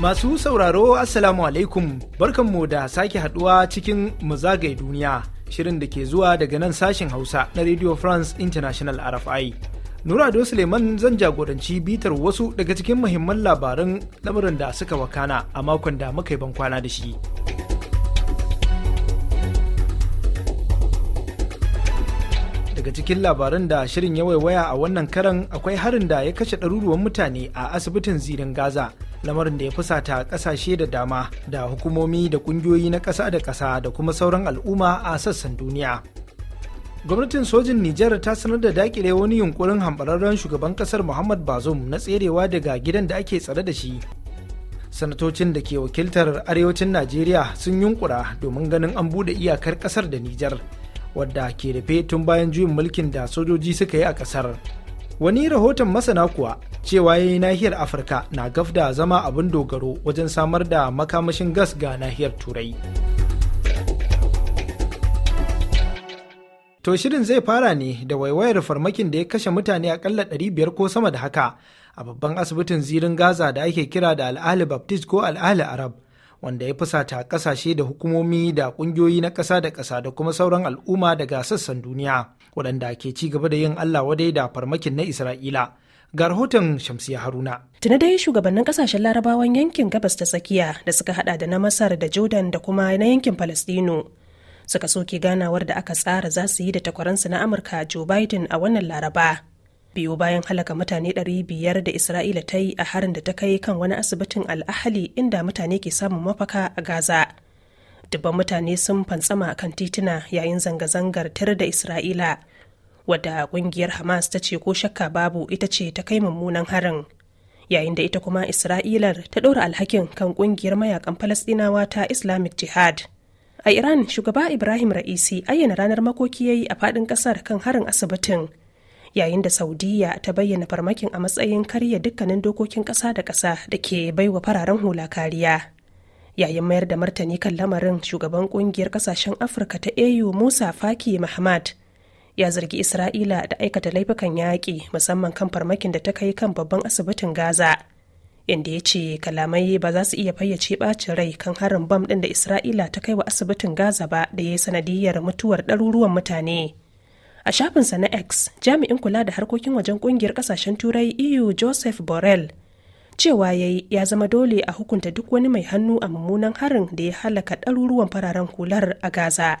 Masu sauraro Assalamu alaikum barkanmu da sake haduwa cikin zagaye duniya shirin da ke zuwa daga nan sashen Hausa na Radio France International RFI. Nurado Suleiman zan jagoranci bitar wasu daga cikin muhimman labarin lamarin da suka wakana a makon da muka yi bankwana da shi. daga cikin labarin da shirin ya waiwaya a wannan karan akwai harin da ya kashe ɗaruruwan mutane a asibitin zirin gaza lamarin da ya fusata kasashe da dama da hukumomi da kungiyoyi na ƙasa da ƙasa da kuma sauran al'umma a sassan duniya gwamnatin sojin nijar ta sanar da dakile wani yunkurin hambararren shugaban kasar muhammad bazoum na tserewa daga gidan da ake tsare da shi sanatocin da ke wakiltar arewacin najeriya sun yunkura domin ganin an bude iyakar kasar da nijar wadda ke rufe tun bayan juyin mulkin da sojoji suka yi a kasar wani rahoton masana kuwa cewa yayi nahiyar afirka na gafda da zama abin dogaro wajen samar da makamashin gas ga nahiyar turai to shirin zai fara ne da waiwayar farmakin da ya kashe mutane akalla 500 ko sama da haka a babban asibitin zirin gaza da ake kira da al'ahli baptist ko al'ahli arab wanda ya fusata kasashe da hukumomi da kungiyoyi na ƙasa da ƙasa da kuma sauran al'umma daga sassan duniya waɗanda ke ci gaba da yin Allah wadai da farmakin na Isra'ila. Ga rahoton Shamsiya Haruna. Tuna dai shugabannin kasashen larabawan yankin gabas ta tsakiya da suka hada da na Masar da Jordan da kuma na yankin Falastinu suka soke ganawar da aka tsara za su yi da takwaransu na Amurka Joe Biden a wannan Laraba. biyu bayan halaka mutane 500 da isra'ila ta yi a harin da ta kai kan wani asibitin al'ahali inda mutane ke samun mafaka a gaza dubban mutane sun fantsama kan tituna yayin zanga-zangar tare da isra'ila wadda kungiyar hamas ta ce ko shakka babu ita ce ta kai mummunan harin yayin da ita kuma isra'ilar ta ɗora alhakin kan kungiyar mayakan Falastinawa ta islamic jihad a iran shugaba ibrahim ra'isi ayyana ranar makoki yayi a faɗin ƙasar kan harin asibitin yayin da saudiya ta bayyana farmakin a matsayin karya dukkanin dokokin ƙasa da ƙasa da ke baiwa fararen hula kariya yayin mayar da martani kan lamarin shugaban kungiyar kasashen afirka ta au musa faki mahmad ya zargi isra'ila da aikata laifukan yaƙi musamman kan farmakin da ta kai kan babban asibitin gaza inda ya ce kalamai ba za su iya fayyace ɓacin rai kan harin bam ɗin da isra'ila ta kai wa asibitin gaza ba da ya yi sanadiyar mutuwar ɗaruruwan mutane a shafinsa na x jami'in kula da harkokin wajen kungiyar kasashen turai eu joseph borrell cewa ya yi ya zama dole a hukunta duk wani mai hannu a mummunan harin da ya halaka ɗaruruwan fararen hular a gaza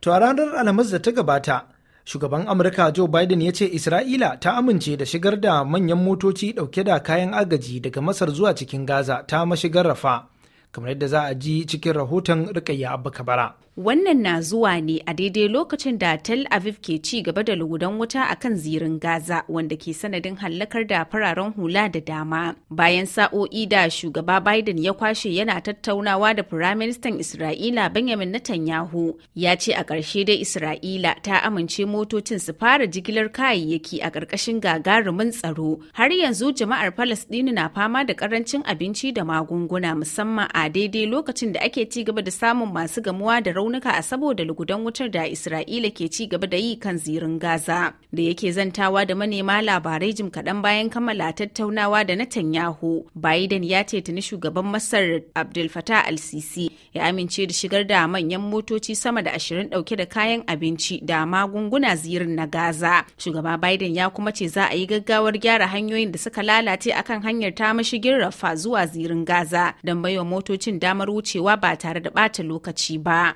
to a ranar alhamis da ta gabata shugaban amurka joe biden ya ce isra'ila ta amince da shigar da manyan motoci dauke da kayan agaji daga masar zuwa cikin gaza ta mashigar rafa kamar yadda za a ji cikin rahoton rikayya abu kabara wannan na zuwa ne a daidai lokacin da tel aviv ke ci gaba da lugudan wuta a kan zirin gaza wanda ke sanadin hallakar da fararen hula da dama bayan sa'o'i da shugaba biden ya kwashe yana tattaunawa da firaministan isra'ila benjamin netanyahu ya ce a ƙarshe dai isra'ila ta amince motocin su fara jigilar kayayyaki a ƙarƙashin gagarumin tsaro har yanzu jama'ar falasɗinu na fama da ƙarancin abinci da magunguna musamman a daidai lokacin da ake ci gaba da samun masu gamuwa da raunuka a saboda lugudan wutar da Isra'ila ke ci gaba da yi kan zirin Gaza. Da yake zantawa da manema labarai jim kaɗan bayan kammala tattaunawa da Netanyahu, Biden ya ce tuni shugaban Masar Abdel Fattah al-Sisi ya amince da shigar da manyan motoci sama da ashirin ɗauke da kayan abinci da magunguna zirin na Gaza. Shugaba Biden ya kuma ce za a yi gaggawar gyara hanyoyin da suka lalace akan hanyar ta mashigin Rafa zuwa zirin Gaza don baiwa moto gwamnatocin damar wucewa ba tare da ɓata lokaci ba.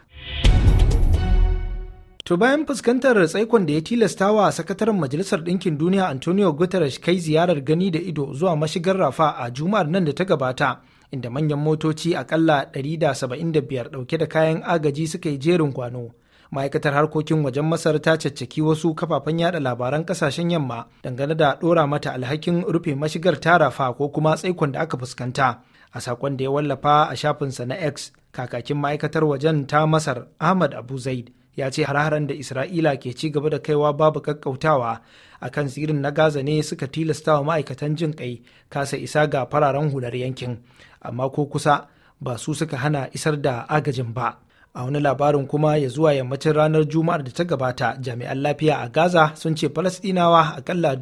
To bayan fuskantar tsaikon da ya tilasta wa sakataren Majalisar Ɗinkin Duniya Antonio Guterres kai ziyarar gani da ido zuwa mashigar Rafa a Juma'ar nan da ta gabata, inda manyan motoci akalla 175 ɗauke da kayan agaji suka yi jerin kwano. Ma'aikatar harkokin wajen Masar ta caccaki wasu kafafen yada labaran kasashen yamma dangane da ɗora mata alhakin rufe mashigar ta Rafa ko kuma tsaikon da aka fuskanta. a sakon da ya wallafa a shafinsa na x kakakin ma'aikatar wajen ta masar ahmad abu zaid ya ce har-haren da isra'ila ke ci gaba da kaiwa babu kakkautawa a kan tsirin na gaza ne suka tilasta wa ma'aikatan jin kai kasa isa ga fararen hular yankin amma ko kusa ba su suka hana isar da agajin ba a wani labarin kuma ya zuwa yammacin ranar juma'ar da ta gabata jami'an lafiya a gaza sun ce falasdinawa akalla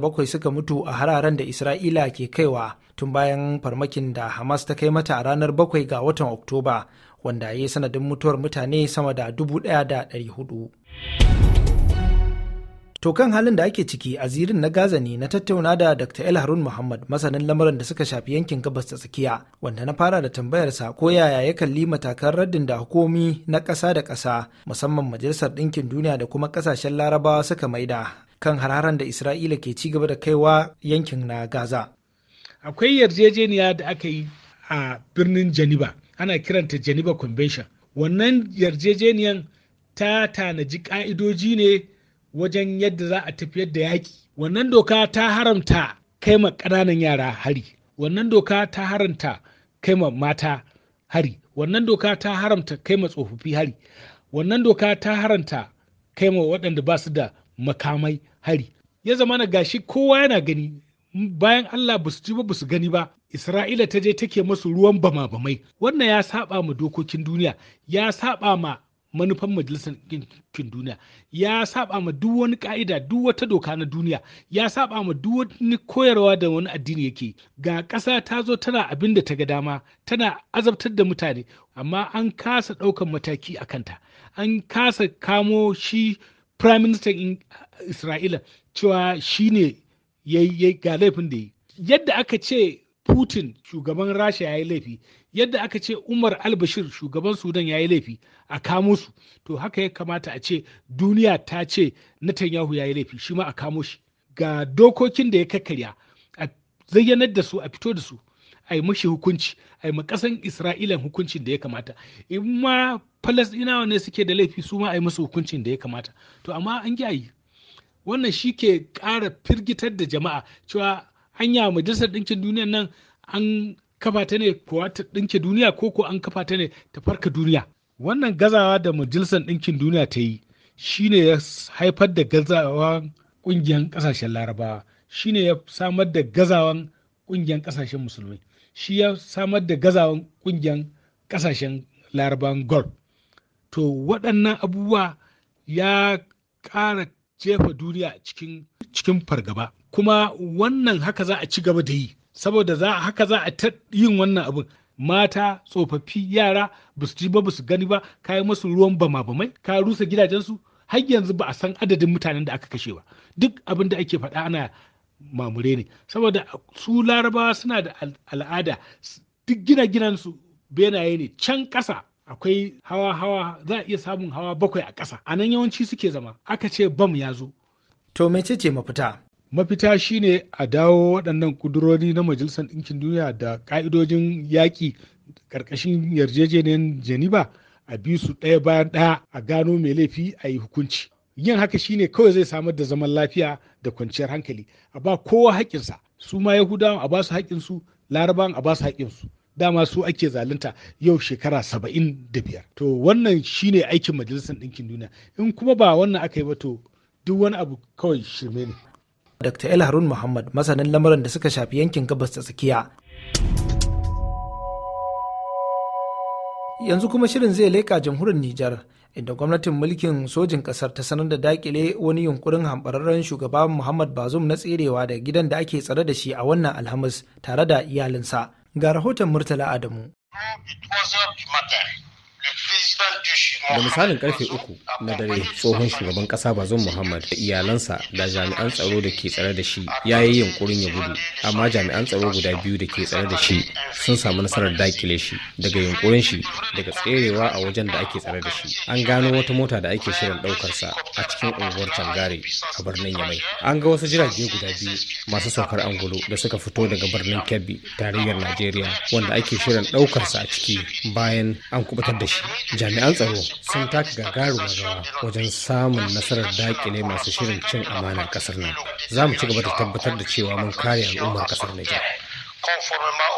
bakwai suka mutu a hararen da isra'ila ke kaiwa tun bayan farmakin da hamas ta kai mata a ranar 7 ga watan oktoba wanda ya yi sanadin mutuwar mutane sama da 1,400 To kan halin da ake ciki a zirin na Gaza ne na tattauna da Dr. El Harun Muhammad masanin lamarin da suka shafi yankin gabas ta tsakiya wanda na fara da tambayarsa ko yaya ya kalli matakan raddin da hukumi na ƙasa da kasa musamman Majalisar Ɗinkin Duniya da kuma ƙasashen Larabawa suka maida kan hararen da Isra'ila ke ci gaba da kaiwa yankin na Gaza. Akwai yarjejeniya da aka yi a birnin Janiba ana kiranta Janiba Convention. Wannan yarjejeniyan ta tanaji ka'idoji ne wajen yadda za a tafiyar da yaƙi wannan doka ta haramta kai ma ƙananan yara hari wannan doka ta haramta kai ma mata hari wannan doka ta haramta kai ma tsofaffi hari wannan doka ta haramta kai ma waɗanda ba su da makamai hari ya zama na gashi kowa yana gani bayan Allah ba su ji ba su gani ba Isra'ila ta je take masu ruwan bama-bamai wannan ya saba ma dokokin duniya ya saba ma manufan majalisar ɗinkin duniya ya saba ma duk wani ka'ida duk wata doka na duniya ya saba ma duk wani koyarwa da wani addini yake ga ƙasa ta zo tana abin da ta ga dama tana azabtar da mutane amma an kasa ɗaukan mataki a kanta an kasa kamo shi prime minister in isra'ila cewa shi ne ya ga laifin da yi yadda aka ce putin shugaban rasha ya yi laifi yadda aka ce umar albashir shugaban sudan ya yi laifi a kamo su to haka ya kamata a ce duniya ta ce netanyahu ya yi laifi shi ma a kamo shi ga dokokin da ya kakkarya a zayyanar da su a fito da su a yi mashi hukunci a yi makasan isra'ilan hukuncin da ya kamata in ma falasdinawa ne suke da laifi su ma a yi musu hukuncin da ya kamata to amma an yi wannan shi ke ƙara firgitar da jama'a cewa hanya majalisar ɗinkin duniya nan an kafa ta ne kuwa ta ɗinke duniya ko ko an kafa ta ne ta farka duniya wannan gazawa da majalisar ɗinkin duniya ta yi shine ya haifar da gazawan ƙungiyar ƙasashen larabawa shine ya samar da gazawan ƙungiyar ƙasashen musulmai shi ya samar da gazawan ƙungiyar ƙasashen larabawan gol to waɗannan abubuwa ya ƙara jefa duniya cikin fargaba kuma wannan haka za a ci gaba da yi saboda za haka za a ta yin wannan abin mata tsofaffi yara ba su ji ba su gani ba ka yi masu ruwan bama bamai ka rusa gidajensu har yanzu ba a san adadin mutanen da aka kashe ba duk abin da ake faɗa ana mamure ne saboda su larabawa suna da al'ada duk gina ginansu benaye ne can ƙasa akwai hawa hawa za a iya samun hawa bakwai a ƙasa a nan yawanci suke zama aka ce bam ya zo to mecece mafita mafita shine a dawo waɗannan kudurori na majalisar ɗinkin duniya da ƙa'idojin yaƙi ƙarƙashin yarjejeniyar janiba a bi su ɗaya bayan ɗaya a gano mai laifi a yi hukunci yin haka shine kawai zai samar da zaman lafiya da kwanciyar hankali a ba kowa haƙƙinsa su ma yahudawan a ba su haƙƙinsu larabawan a ba su haƙƙinsu dama su ake zalunta yau shekara saba'in da biyar to wannan shine aikin majalisar ɗinkin duniya in kuma ba wannan aka yi ba to duk wani abu kawai shirme ne Dr. El Harun Muhammad masanin lamarin da suka shafi yankin gabas ta tsakiya. Yanzu kuma shirin zai leƙa jamhuriyar Nijar inda gwamnatin mulkin sojin ƙasar ta sanar da dakile wani yunkurin hambararren shugaba Muhammad Bazum na tserewa da gidan da ake tsare da shi a wannan Alhamis tare da iyalinsa. Ga rahoton Murtala Adamu. da misalin karfe uku na dare tsohon shugaban kasa bazon muhammad da iyalansa da jami'an tsaro da ke tsare da shi ya yi yunkurin ya gudu amma jami'an tsaro guda biyu da ke tsare da shi sun samu nasarar dakile shi daga yunkurin shi daga tserewa a wajen da ake tsare da shi an gano wata mota da ake shirin daukarsa a cikin unguwar cangare a birnin yamai an ga wasu jirage guda biyu masu saukar angulo da suka fito daga birnin kebbi tarayyar najeriya wanda ake shirin daukarsa a ciki bayan an kubutar da shi jami'an tsaro sun taka gagarumar rawa wajen samun nasarar dakile masu shirin cin amanar kasar nan za mu ci gaba da tabbatar da cewa mun kare al'ummar kasar Niger. conformément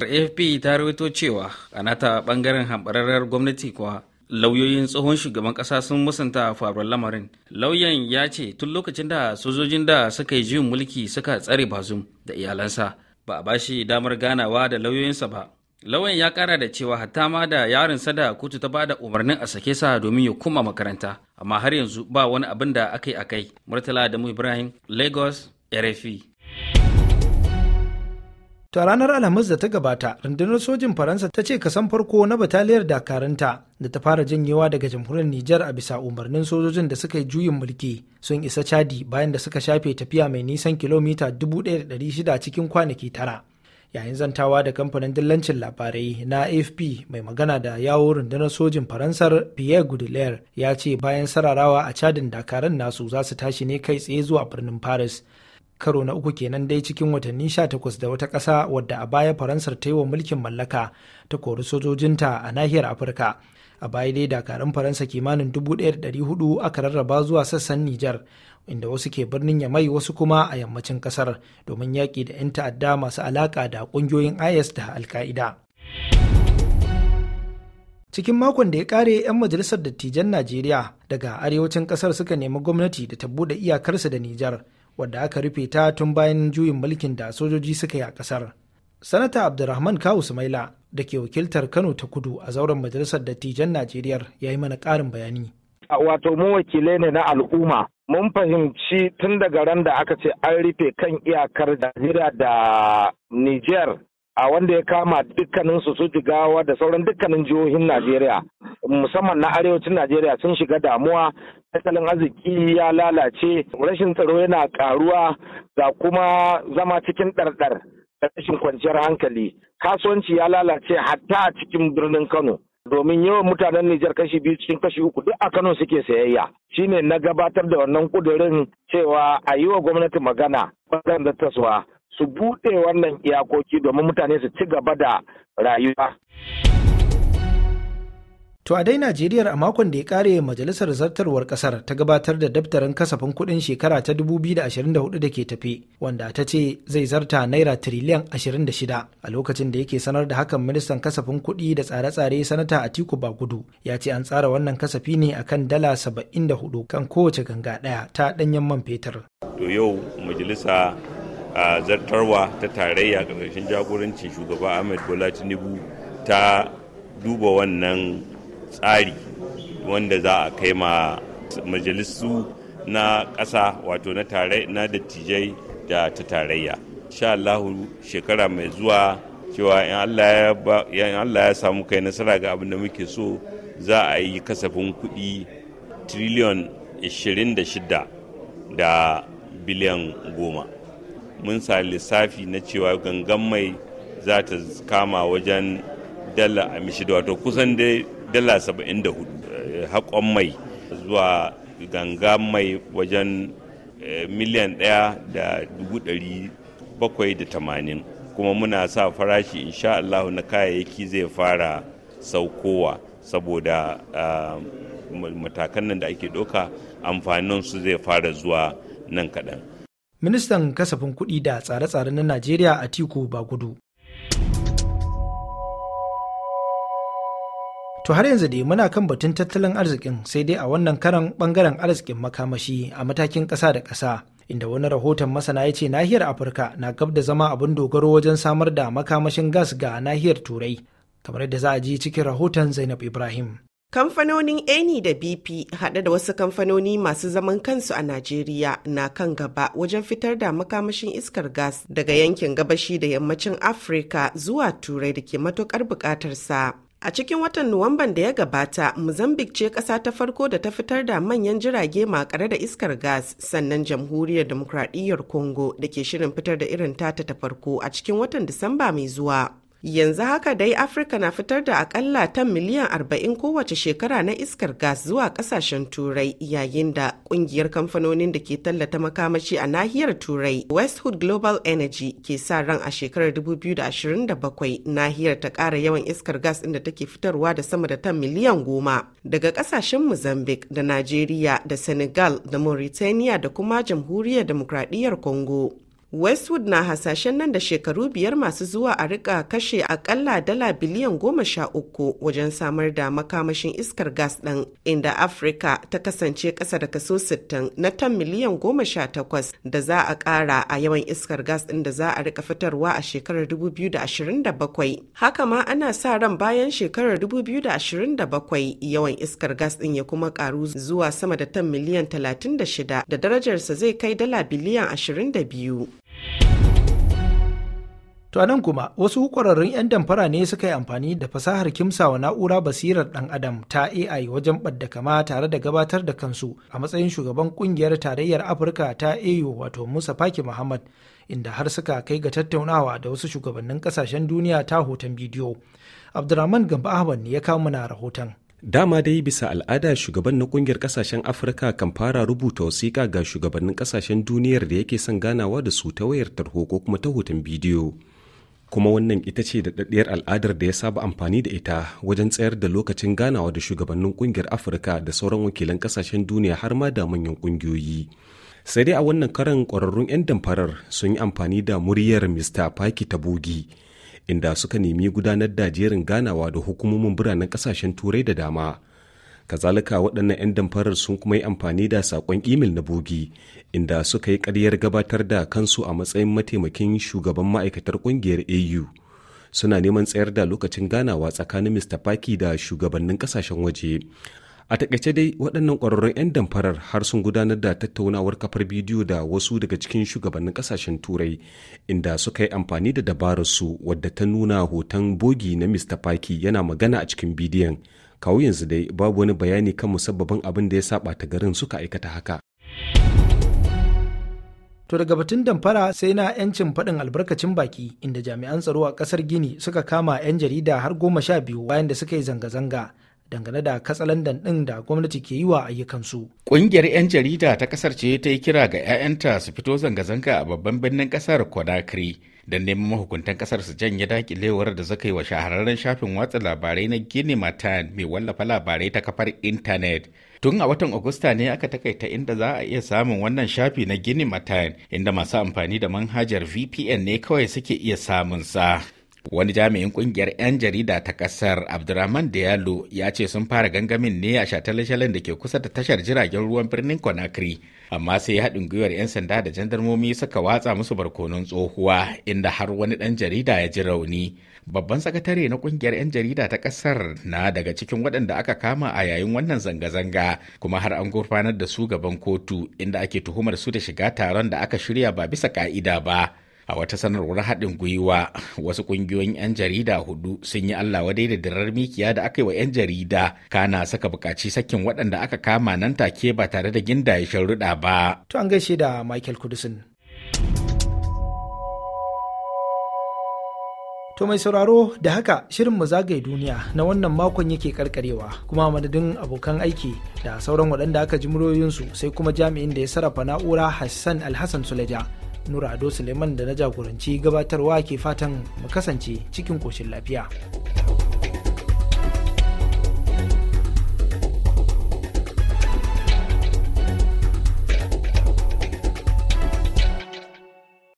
AFP ta rawaito cewa a nata bangaren hambararrar gwamnati kuwa lauyoyin tsohon shugaban kasa sun musanta faruwar lamarin. Lauyan ya ce tun lokacin da sojojin da suka yi jin mulki suka tsare bazum da iyalansa ba a bashi damar ganawa da lauyoyinsa ba. Lawan ya kara da cewa hatta ma da yaron sada kotu ta bada umarnin a sake sa domin ya kuma makaranta, amma har yanzu ba wani abin da aka akai akai. Murtala Adamu Ibrahim, Lagos, RFI. Ta ranar Alhamis da ta gabata, rundunar sojin Faransa ta ce kasan farko na bataliyar dakaranta da ta fara janyewa daga jamhuriyar Nijar a bisa umarnin sojojin da suka yi juyin mulki sun isa Chadi bayan da suka shafe tafiya mai nisan kilomita 1,600 cikin kwanaki tara. yayin zantawa da kamfanin dillancin labarai na afp mai magana da yawo rundunar sojin faransar pierre goudelaire ya ce bayan sararawa a cadin dakarun nasu za su tashi ne kai tsaye zuwa birnin paris karo na uku kenan dai cikin watanni 18 da wata ƙasa wadda a baya faransar ta yi wa mulkin mallaka ta kori sojojinta a nahiyar afirka a baya dai dakarun faransa kimanin 1,400 aka rarraba zuwa sassan nijar inda wasu ke birnin ya mai wasu kuma a yammacin kasar domin yaƙi da 'yan ta'adda masu alaƙa da ƙungiyoyin is da alka'ida cikin makon da ya kare 'yan majalisar dattijan najeriya daga arewacin kasar suka nemi gwamnati da ta buɗe iyakarsa da nijar wadda aka rufe ta tun bayan juyin mulkin da sojoji suka yi a kasar sanata abdulrahman kawu sumaila da ke wakiltar kano ta kudu a zauren majalisar dattijan najeriya ya yi mana ƙarin bayani wato mu wakilai ne na al'umma mun fahimci tun daga ran da aka ce an rufe kan iyakar Najeriya da Niger a wanda ya kama dukkanin su su jigawa da sauran dukkanin jihohin Najeriya musamman na arewacin Najeriya sun shiga damuwa tattalin arziki ya lalace rashin tsaro yana karuwa da kuma zama cikin ɗarɗar da rashin kwanciyar hankali kasuwanci ya lalace hatta a cikin birnin Kano domin yawan mutanen Nijar kashi biyu cikin kashi uku duk a Kano suke sayayya shine na gabatar da wannan kudurin cewa a yi wa gwamnati magana da taswa su buɗe wannan iyakoki domin mutane su ci gaba da rayuwa. To a dai Najeriyar a makon da ya kare majalisar zartarwar kasar ta gabatar da daftarin kasafin kudin shekara ta 2024 da ke tafi wanda ta ce zai zarta naira tiriliyan 26 a lokacin da yake sanar da hakan ministan kasafin kudi da tsare-tsare sanata Atiku gudu ya ce an tsara wannan kasafi ne akan dala 74 kan kowace ganga daya ta danyen man fetur. To yau majalisa a zartarwa ta tarayya ƙarƙashin jagorancin shugaba Ahmed Bola Tinubu ta duba wannan tsari wanda za a kai ma majalisu na ƙasa wato na dattijai da ta tarayya sha Allahu shekara mai zuwa cewa in Allah ya samu kai nasara ga abin da muke so za a yi kasafin kuɗi triliyon 26 da biliyan 10 mun sa lissafi na cewa gangan mai za ta kama wajen dala amishi wato kusan dai dala 74 eh, haƙon mai zuwa ganga mai wajen eh, miliyan ɗaya da tamanin kuma muna sa farashi insha Allah na kayayyaki zai fara saukowa saboda ah, matakan nan da ake ɗauka amfanin su zai fara zuwa nan kaɗan. Ministan kasafin kuɗi da tsare-tsare na Najeriya a Tiku Bagudu To har yanzu dai muna kan batun tattalin arzikin sai dai a wannan karan bangaren arzikin makamashi a matakin ƙasa da ƙasa. Inda wani rahoton masana ya ce nahiyar Afirka na gab da zama abin dogaro wajen samar da makamashin gas ga nahiyar Turai. Kamar yadda za a ji cikin rahoton Zainab Ibrahim. Kamfanonin Eni da BP haɗe da wasu kamfanoni masu zaman kansu a Najeriya na kan gaba wajen fitar da makamashin iskar gas daga yankin gabashi da yammacin Afirka zuwa Turai da ke matuƙar buƙatarsa. A cikin watan Nuwamban da ya gabata, Mozambique ce ƙasa ta farko da ta fitar da manyan jirage makare da iskar gas sannan jamhuriyar demokradiyyar Congo da ke shirin fitar da irin tata ta farko a cikin watan Disamba mai zuwa. Yanzu haka dai Afirka na fitar da akalla tan miliyan 40 kowace shekara na iskar gas zuwa kasashen Turai yayin da kungiyar kamfanonin da ke tallata makamashi a nahiyar Turai Westwood Global Energy ke sa ran a shekarar 2027 nahiyar ta ƙara yawan iskar gas inda take fitarwa da sama da tan miliyan goma daga kasashen Mozambique da Najeriya da Senegal da Mauritania da kuma Jamhuriyar Demokradiyyar Congo. Westwood na hasashen nan da shekaru biyar masu zuwa a rika kashe akalla dala biliyan goma sha uku wajen samar da makamashin iskar gas ɗin inda Afrika ta kasance ƙasa da kaso 60 na tan miliyan goma sha takwas da za a ƙara a yawan iskar gas ɗin da za a rika fitarwa a shekarar 2027. Haka ma ana sa ran bayan shekarar 2027 yawan iskar gas ɗin ya kuma ƙaru zuwa sama da tan miliyan 36 da darajarsa zai kai dala biliyan 22. To anan kuma wasu ƙwararrun 'yan damfara ne suka yi amfani da fasahar kimsawa na'ura basirar ɗan adam ta AI wajen ɓadda kama tare da gabatar da kansu a matsayin shugaban ƙungiyar tarayyar Afirka ta AU wato Musa Faki Muhammad inda har suka kai ga tattaunawa da wasu shugabannin ƙasashen duniya ta hoton bidiyo. abdulrahman Gamba Ahmad ya kawo mana rahoton. Dama dai bisa al'ada shugaban na kungiyar kasashen Afirka kan fara rubuta wasiƙa ga shugabannin kasashen duniyar da yake son ganawa da su ta wayar tarho ko kuma ta hoton bidiyo. kuma wannan ita ce daɗaɗɗiyar al'adar da ya saba amfani da ita wajen tsayar da lokacin ganawa da shugabannin ƙungiyar afirka da sauran wakilan ƙasashen duniya har ma da manyan ƙungiyoyi sai dai a wannan karan ƙwararrun 'yan damfarar sun yi amfani da muryar mr paki tabugi inda suka nemi gudanar da jerin ganawa da hukumomin biranen ƙasashen turai da dama kazalika waɗannan 'yan damfarar sun kuma yi amfani da saƙon imel na bogi inda suka yi ƙaryar gabatar da kansu a matsayin mataimakin shugaban ma'aikatar ƙungiyar au suna neman tsayar da lokacin ganawa tsakanin mr paki da shugabannin ƙasashen waje a takaice dai waɗannan ƙwararrun 'yan damfarar har sun gudanar da tattaunawar kafar bidiyo da wasu daga cikin shugabannin ƙasashen turai inda suka yi amfani da dabararsu wadda ta nuna hoton bogi na mr paki yana magana a cikin bidiyon kawu yanzu dai babu wani bayani kan musabbabin abin da ya saba ta garin suka aikata haka To daga batun damfara sai na 'yancin faɗin albarkacin baki inda jami'an tsaro a ƙasar Gini suka kama 'yan jarida har goma sha biyu bayan da suka yi zanga-zanga dangane da katsalandan ɗin da gwamnati ke yi wa ayyukansu. Ƙungiyar 'yan jarida ta ƙasar ce ta yi kira ga 'ya'yanta su fito zanga-zanga a babban birnin ƙasar Conakry don neman mahukuntan kasar su janye dakilewar da zaka yi wa shahararren shafin watsa labarai na gini matan mai wallafa labarai ta kafar intanet tun a watan agusta ne aka takaita inda za a iya samun wannan shafi na gini matan inda masu amfani da manhajar vpn ne kawai suke iya samun sa Wani jami'in kungiyar 'yan jarida ta kasar Abdurrahman Diallo ya ce sun fara gangamin ne a shatalashalin da ke kusa da tashar jiragen ruwan birnin Conakry, amma sai haɗin gwiwar 'yan sanda da jandarmomi suka watsa musu barkonon tsohuwa inda har wani ɗan jarida ya ji rauni. Babban sakatare na kungiyar 'yan jarida ta ƙasar na daga cikin waɗanda aka kama a yayin wannan zanga-zanga kuma har an gurfanar da su gaban kotu inda ake tuhumar su da shiga taron da aka shirya ba bisa ka'ida ba. a wata sanarwar haɗin gwiwa wasu ƙungiyoyin 'yan jarida hudu sun yi allah wadai da dirar mikiya da aka yi wa 'yan jarida kana saka bukaci sakin waɗanda aka kama nan take ba tare da ginda shan sharuɗa ba to an gaishe da michael kudusin To mai sauraro da haka shirin mu zagaye duniya na wannan makon yake karkarewa kuma madadin abokan aiki da sauran waɗanda aka ji muryoyinsu sai kuma jami'in da ya sarrafa na'ura Hassan Alhassan Suleja. nura ado suleiman da na jagoranci gabatarwa ke fatan mu kasance cikin koshin lafiya